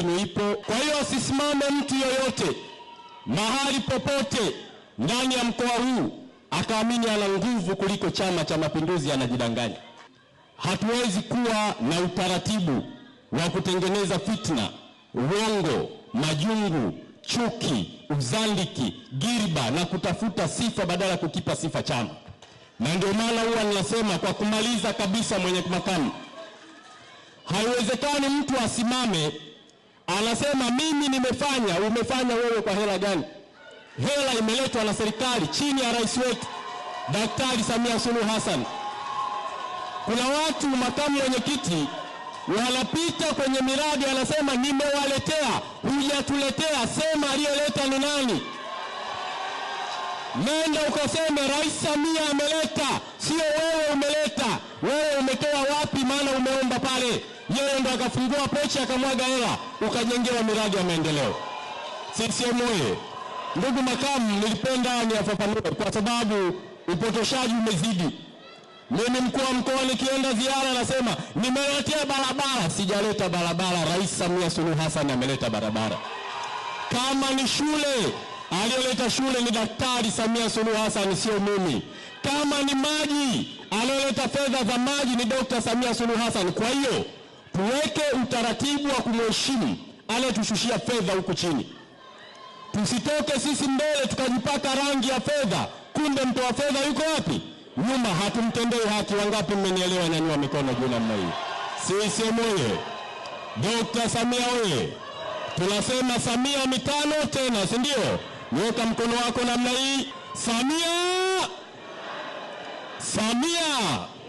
dini ipo. Kwa hiyo asisimame mtu yoyote mahali popote ndani ya mkoa huu akaamini ana nguvu kuliko Chama cha Mapinduzi, anajidanganya. Hatuwezi kuwa na utaratibu wa kutengeneza fitna, uongo, majungu, chuki, uzandiki, giriba na kutafuta sifa badala ya kukipa sifa chama. Na ndio maana huwa ninasema kwa kumaliza kabisa, mwenye makamu, haiwezekani mtu asimame anasema mimi nimefanya, umefanya wewe kwa hela gani? Hela imeletwa na serikali chini ya rais wetu Daktari Samia Suluhu Hassan. Kuna watu, makamu wenyekiti wanapita kwenye miradi, anasema nimewaletea. Hujatuletea, sema aliyoleta ni nani? Nenda ukaseme Rais Samia ameleta, sio wewe umeleta. Wewe maana umeomba pale, yeye ndo akafungua pochi akamwaga hela ukajengewa miradi ya maendeleo. CCM oye! Ndugu makamu, nilipenda niyafafanue kwa sababu upotoshaji umezidi. Mimi mkuu wa mkoa nikienda ziara nasema nimeletea barabara, sijaleta barabara. Rais Samia Suluhu Hassan ameleta barabara. Kama ni shule Aliyoleta shule ni Daktari Samia Suluhu Hassan, sio mimi. Kama ni maji, aliyoleta fedha za maji ni dokta Samia Suluhu Hassan. Kwa hiyo tuweke utaratibu wa kumheshimu aliyetushushia fedha huku chini. Tusitoke sisi mbele tukajipaka rangi ya fedha, kumbe mtoa fedha yuko wapi? Nyuma. Hatumtendei haki. Wangapi mmenielewa? Nyanyua mikono juu namna hiyo. CCM oye! dokta Samia oye! Tunasema Samia mitano tena, si ndio? Weka mkono wako namna hii. Samia, Samia.